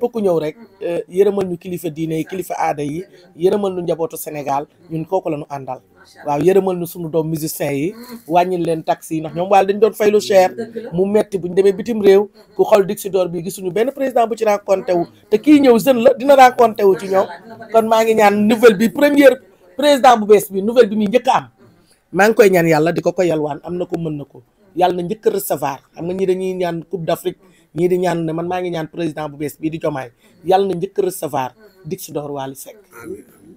képp ñëw rek mm-hmm. eh, yërëmal ñu kilifa diine yi kilifa aada yi mm-hmm. yërëmal ñu njabootu Sénégal ñun kooku la ñu àndal waaw yërëmal ñu sunu doom musicien yi mm-hmm. wàññil leen taxi yi nax ñoom waal dañ doon fay lu cher mu metti bu ñu demee bitim réew ku xool Dixi D'or bi gisuñu benn président bu ci rencontré wu te ki ñëw jeune la dina rencontré wu ci ñoom kon maa ngi ñaan nouvelle bi première président bu bees bi nouvelle bi muy njëkk am maa ngi koy ñaan yàlla di ko ko yalwaan am na ko mën na ko yalla na njëkk recevoir xam nga ñi dañuy ñaan coupe d'Afrique ñi di ñaan ne man ma ngi ñaan président bu bes bi di jomay yalla na recevoir dik si dor sek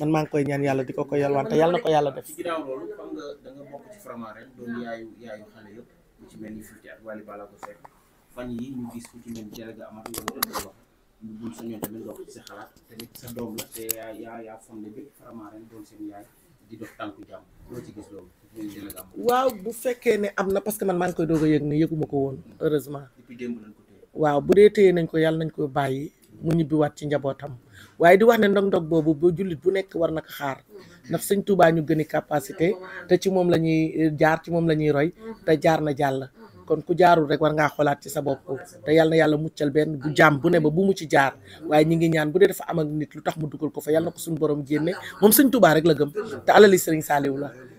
man ma ngi koy ñaan yalla di ko ko yalwaan te yàlla ko def. ci xam nga da nga bokk ci doon yaayu yaayu yëpp ci fan yi ñu gis ku ci wax ñu sa tamit wax ci xalaat te sa doom la te fondé bi doon seen yaay di dox ci gis waaw bu fekkee ne am na parce que man maa ngi koy doog a yëg ne yëguma ko woon heureusement waaw bu dee téye nañ ko yàlla nañ ko bàyyi mu ñibbiwaat ci njabootam waaye di wax ne ndog-ndog boobu ba jullit bu nekk war na ko xaar ndax sëñ Tuubaa ñu gëni capacité te ci moom la ñuy eh, jaar ci moom la ñuy roy te jaar na jàll kon ku jaarul rek war ngaa xoolaat ci sa bopp te yàlla na yàlla muccal benn bu jaam bu ne ba bu mu ci jaar waaye ñi ngi ñaan bu dee dafa am ak nit lu tax mu dugal ko fa yàlla na ko suñu borom génne moom sëñ Tuubaa rek la gëm te alali sëriñ Saaliw la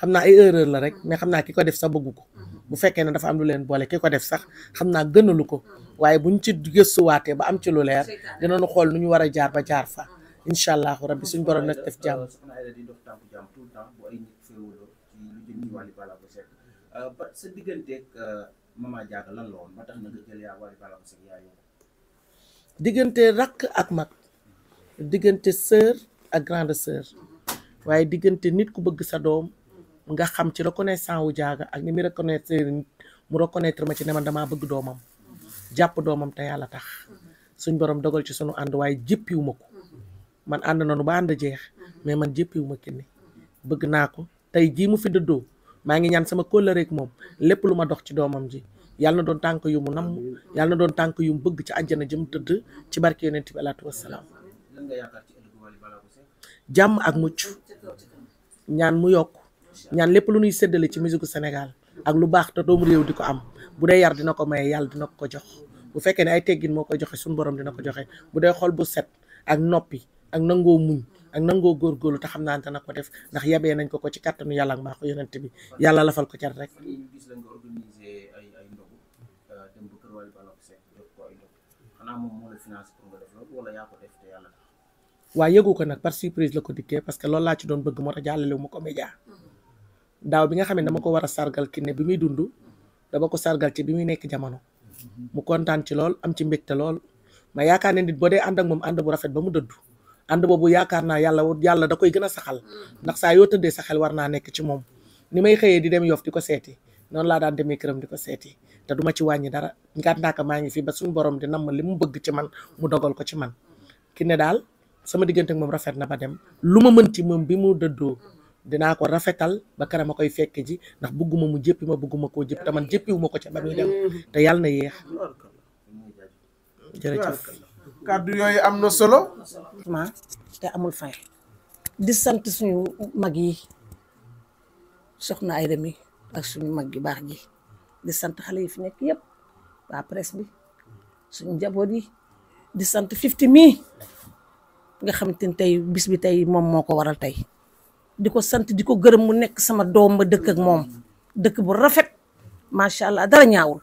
xam naa ay erreur la rek mais xam naa ki ko def sax bëggu ko bu fekkee ne dafa am lu leen boole ki ko def sax xam naa gënalu ko waaye bu ñu ci gëstuwaatee ba am ci lu leer dinañu xool nu ñu war a jaar ba jaar fa incha allahu rabbi suñ borom na def jàmm. sa digganteeg Mama Diaga lan la woon ba tax na nga jël yaa Wally Ballago diggante rakk ak mag diggante sœur ak grande sœur waaye diggante nit ku bëgg sa doom nga xam ci reconnaissant wu jaaga ak ni mu reconnaître mu reconnaître ma ci ne man damaa bëgg doomam jàpp doomam te yàlla tax suñ borom dogal ci sunu ànd waaye jéppiwu ma ko man ànd nanu ba ànd jeex mais man jéppiwu ma kenn bëgg naa ko tey jii mu fi dëddoo maa ngi ñaan sama kóllëre ak moom lépp lu ma dox ci doomam ji yàlla doon tànk yu mu namm yàlla doon tànk yu mu bëgg ci àjjana jëm tëdd ci barke yonent bi alaatu wasalaam ak mucc ñaan mu yokk ñaan lépp lu ñuy séddale ci musique Sénégal ak lu baax te doomu réew di ko am bu dee yar dina ko maye yàlla dina ko jox bu fekkee ne ay teggin moo koy joxe suñu borom dina ko joxe bu dee xol bu set ak noppi ak nangoo muñ ak nangoo góorgóorlu te xam naan ne na ko def ndax yabee nañ ko ko ci kattanu yàlla ak mbaaxu yonent bi yàlla lafal ko cat rek. Euh, waaw yëgu ko nag par surprise la ko dikkee parce que lool laa ci doon bëgg moo tax jàllale wu ma ko média mm-hmm. daw bi nga xam dama ko wara sargal Kiné bi muy dundu dama ko sargal ci bi muy nek jamono mu contane ci lol am ci mbekté lol ma yaakaar nit boo dee ànd ak mom and bu rafet ba mu dëddu and bobu yakarna yalla yalla da koy gëna saxal ndax sa yo teudé saxal warna nek ci mom ni may xeyé di dem yof di séti non la daan demee kërëm di séti té duma ci wañi dara ngaat naa ma ngi fi ba suñu borom di nam bëgg ci man mu dogal ko ci man ki ne sama digënté ak mom rafet na ba dem luma mënti mom bi mu dëddoo dinaa ko rafetal ba kanam a koy fekk ji ndax bëgguma mu jëppi ma bëgguma koo jëpp te man jëppiwuma ko ca ba muy dem mm-hmm. te yàlla na yéex jërëjëf kàddu yooyu am na solo te amul fay di sant suñu mag yi soxna ay remi ak suñu mag yu baax ji di sant xale yi fi nekk yëpp waa presse bi suñu njaboot yi di sant fifty mi nga xam te tey bis bi tey moom moo ko waral tey di sant di ko mu nek sama dom ba dekk ak mom dekk bu rafet macha allah dara ñaawul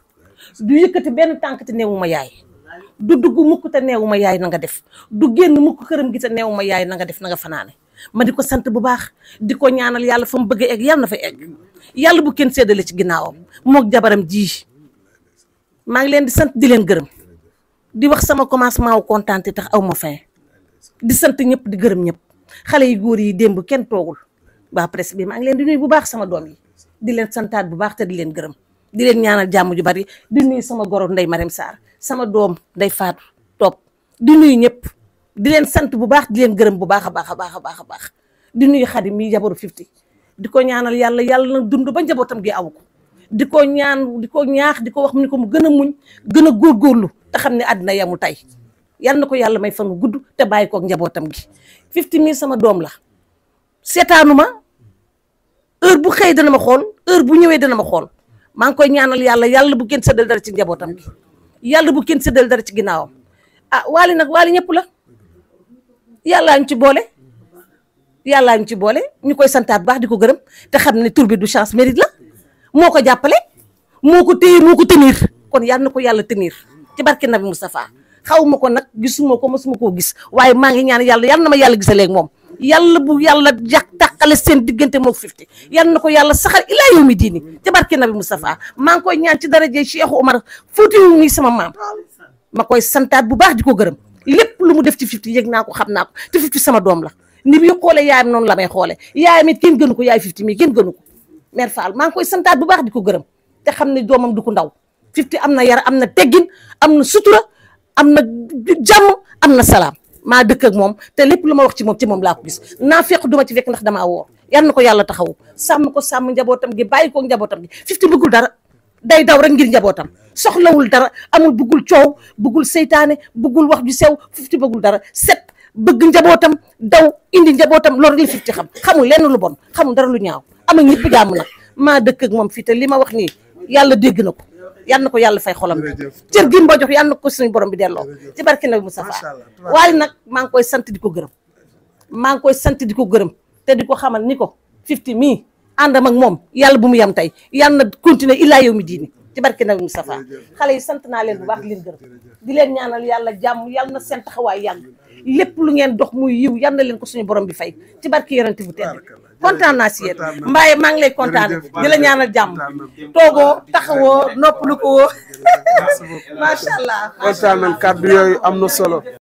du yëkëti ben tànk te neewu yaay du dugg mukk ta neewuma yaay na nga def du genn mukk kërëm gi ta neewuma ma yaay na nga def na nga fanane ma di sant bu baax di ñaanal yalla fam bëgg a yalla na fa egg yalla bu kenn sédalé ci ginnaawam mook jabaram ji ma ngi leen di sant di leen gërëm di wax sama commencement wu contenté tax awma fin di sant ñëpp di gërëm ñëpp xalé yi goor yi demb kenn togul ba presse bi ma ngi len di nuyu bu baax sama dom yi di len santat bu baax te di len gërem di len ñaanal jamm ju bari di nuyu sama goro ndey marim sar, sama dom day far Top di nuyu ñëpp di len sant bu baax di len gërem bu baaxa baaxa baaxa baaxa baax di nuyu Xadim mi jabaru fifty diko ñaanal yalla yalla na dund ba njabotam gi aw diko ñaan diko ñaax diko wax mu ni ko mu gëna muñ gëna a ko may gudd te bayiko ak njabotam gi fifty sama dom la seetaanuma heure bu xëy dana ma xool heure bu ñëwee dana ma xool maa ngi koy ñaanal yàlla yàlla bu kenn séddal dal ci njabootam gi yàlla bu kenn séddal dara ci ginnaawam ah waali nag waali ñëpp la yàllaa ñu ci boole yàllaa ñu ci boole ñu koy santaat bu di ko gërëm te xam ne tur bi du chance mérite la moo ko jàppale moo ko téye moo ko tenir kon yal na ko yàlla tenir ci barke Nabi Moustapha xaw ma ko nag gisuma ko mosuma koo gis waaye maa ngi ñaan yàlla yal na ma yàlla gisaleeg moom yàlla bu yàlla yàq tàqale seen diggante mook Fifty yàlla na ko yàlla saxal ilaa yow mi diini ci barke Nabi Moustapha maa ngi koy ñaan ci daraje Cheikh Omar Fouti yu sama maam ma koy santaat bu baax di ko gërëm lépp lu mu def ci Fifty yëg naa ko xam naa ko te Fifty sama doom la ni muy xoole yaayam noon la may xoole yaayam it kenn gënu ko yaay Fifty mi kenn gënu ko mère Fall maa ngi koy santaat bu baax di ko gërëm te xam ne doomam du ko ndaw Fifty am na yara am na teggin am na sutura am na jàmm am na salaam maa dëkk ak moom te lépp lu ma wax ci moom ci moom laa ko gis naa fekk du ma ci fekk ndax damaa woor yal na ko yàlla taxawu sàmm ko sàmm njabootam gi bàyyi ko njabootam gi Fifty bëggul dara day daw rek ngir njabootam soxlawul dara amul bëggul coow bëggul seytaane bëggul wax ju sew Fifty bëggul dara set bëgg njabootam daw indi njabootam loolu li Fifty xam xamul lenn lu bon xamul dara lu ñaaw am ak ñëpp jàmm nag maa dëkk moom fii te li ma wax nii yàlla dégg ko yal na ko yàlla fay xolam bi cër gi mu jox yal na ko suñu borom bi delloo ci barki Nabi Mustafa waaye nag maa ngi koy sant di ko gërëm maa ngi koy sant di ko gërëm te di ko xamal ni ko fifty mii àndam ak moom yàlla bu mu yem tey yàlla na continuer illaa yow mi diini ci barki Nabi Mustafa xale yi sant naa leen bu baax leen gërëm di leen ñaanal yàlla jàmm yàlla na seen taxawaay yàgg lépp lu ngeen dox mu yiw yan na leen ko suñu borom bi fay ci barki yorante bu tedd kontaan naa si yéen mbaaye maa ngi lay kontaan di la ñaanal jàmm toogoo taxawoo noppalu ko woo macha allah kontaan nañ kàddu yooyu am na solo